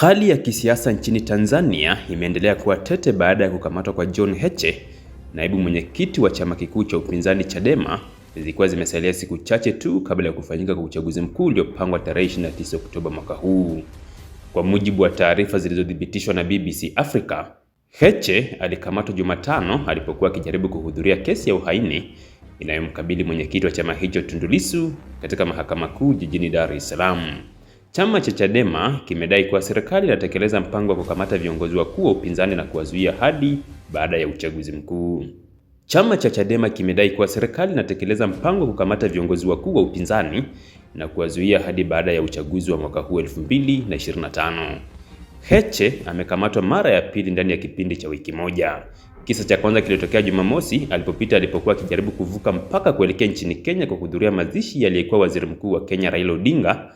Hali ya kisiasa nchini Tanzania imeendelea kuwa tete baada ya kukamatwa kwa John Heche, naibu mwenyekiti wa chama kikuu cha upinzani Chadema, zilikuwa zimesalia siku chache tu kabla ya kufanyika kwa uchaguzi mkuu uliopangwa tarehe 29 Oktoba mwaka huu. Kwa mujibu wa taarifa zilizothibitishwa na BBC Africa, Heche alikamatwa Jumatano alipokuwa akijaribu kuhudhuria kesi ya uhaini inayomkabili mwenyekiti wa chama hicho Tundu Lissu katika mahakama kuu jijini Dar es Salaam. Chama cha Chadema kimedai kuwa serikali inatekeleza mpango wa kukamata viongozi wakuu wa upinzani na kuwazuia hadi baada ya uchaguzi mkuu. Chama cha Chadema kimedai kuwa serikali inatekeleza mpango wa kukamata viongozi wakuu wa upinzani na kuwazuia hadi baada ya uchaguzi wa mwaka huu 2025. Heche amekamatwa mara ya pili ndani ya kipindi cha wiki moja. Kisa cha kwanza kilitokea Jumamosi alipopita alipokuwa akijaribu kuvuka mpaka kuelekea nchini Kenya kwa kuhudhuria mazishi aliyekuwa waziri mkuu wa Kenya Raila Odinga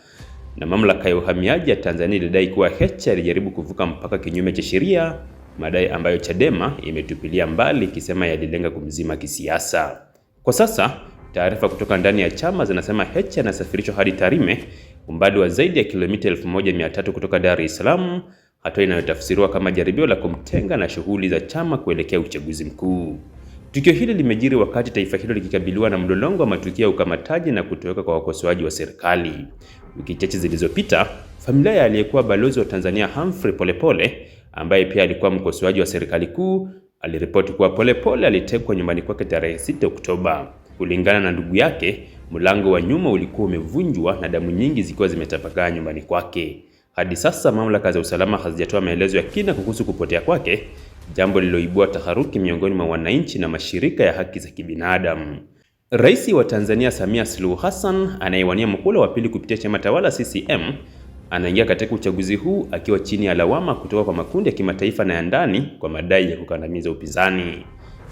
na mamlaka ya uhamiaji ya Tanzania ilidai kuwa Heche alijaribu kuvuka mpaka kinyume cha sheria, madai ambayo Chadema imetupilia mbali ikisema yalilenga kumzima kisiasa. Kwa sasa taarifa kutoka ndani ya chama zinasema Heche anasafirishwa hadi Tarime, umbali wa zaidi ya kilomita 1300 kutoka Dar es Salaam, hatua inayotafsiriwa kama jaribio la kumtenga na shughuli za chama kuelekea uchaguzi mkuu. Tukio hili limejiri wakati taifa hilo likikabiliwa na mlolongo wa matukio ya ukamataji na kutoweka kwa wakosoaji wa serikali. Wiki chache zilizopita, familia ya aliyekuwa balozi wa Tanzania Humphrey Polepole, ambaye pia alikuwa mkosoaji wa serikali kuu, aliripoti kuwa Polepole alitekwa nyumbani kwake tarehe 6 Oktoba. Kulingana na ndugu yake, mlango wa nyuma ulikuwa umevunjwa na damu nyingi zikiwa zimetapakaa nyumbani kwake. Hadi sasa mamlaka za usalama hazijatoa maelezo ya kina kuhusu kupotea kwake, jambo lililoibua taharuki miongoni mwa wananchi na mashirika ya haki za kibinadamu. Rais wa Tanzania Samia Suluhu Hassan anayewania muhula wa pili kupitia chama tawala CCM anaingia katika uchaguzi huu akiwa chini ya lawama kutoka kwa makundi ya kimataifa na ya ndani kwa madai ya kukandamiza upinzani.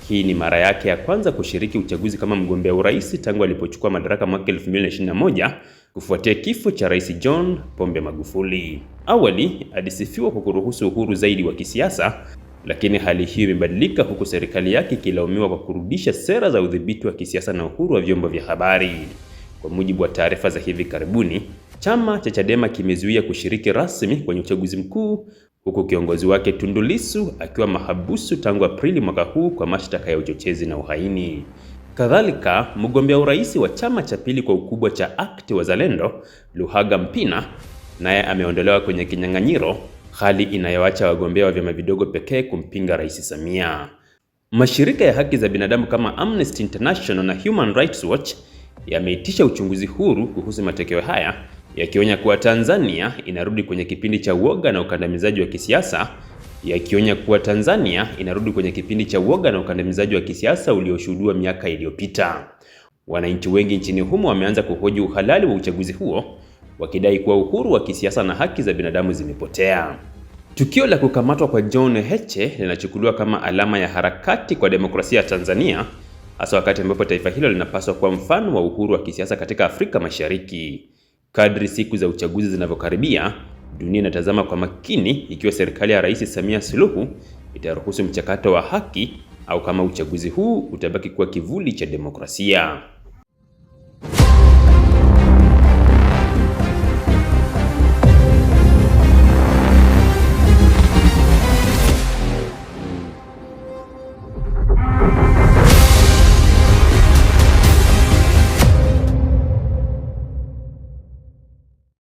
Hii ni mara yake ya kwanza kushiriki uchaguzi kama mgombea urais tangu alipochukua madaraka mwaka 2021 kufuatia kifo cha Rais John Pombe Magufuli. Awali alisifiwa kwa kuruhusu uhuru zaidi wa kisiasa, lakini hali hiyo imebadilika huku serikali yake ikilaumiwa kwa kurudisha sera za udhibiti wa kisiasa na uhuru wa vyombo vya habari. Kwa mujibu wa taarifa za hivi karibuni, chama cha Chadema kimezuia kushiriki rasmi kwenye uchaguzi mkuu huku kiongozi wake Tundu Lissu akiwa mahabusu tangu Aprili mwaka huu kwa mashtaka ya uchochezi na uhaini. Kadhalika, mgombea urais wa chama cha pili kwa ukubwa cha ACT Wazalendo Luhaga Mpina naye ameondolewa kwenye kinyang'anyiro, hali inayoacha wagombea wa vyama vidogo pekee kumpinga Rais Samia. Mashirika ya haki za binadamu kama Amnesty International na Human Rights Watch yameitisha uchunguzi huru kuhusu matokeo haya, yakionya kuwa Tanzania inarudi kwenye kipindi cha uoga na ukandamizaji wa kisiasa yakionya kuwa Tanzania inarudi kwenye kipindi cha uoga na ukandamizaji wa kisiasa ulioshuhudiwa miaka iliyopita. Wananchi wengi nchini humo wameanza kuhoji uhalali wa uchaguzi huo, wakidai kuwa uhuru wa kisiasa na haki za binadamu zimepotea. Tukio la kukamatwa kwa John Heche linachukuliwa kama alama ya harakati kwa demokrasia ya Tanzania, hasa wakati ambapo taifa hilo linapaswa kuwa mfano wa uhuru wa kisiasa katika Afrika Mashariki. Kadri siku za uchaguzi zinavyokaribia, dunia inatazama kwa makini ikiwa serikali ya Rais Samia Suluhu itaruhusu mchakato wa haki au kama uchaguzi huu utabaki kuwa kivuli cha demokrasia.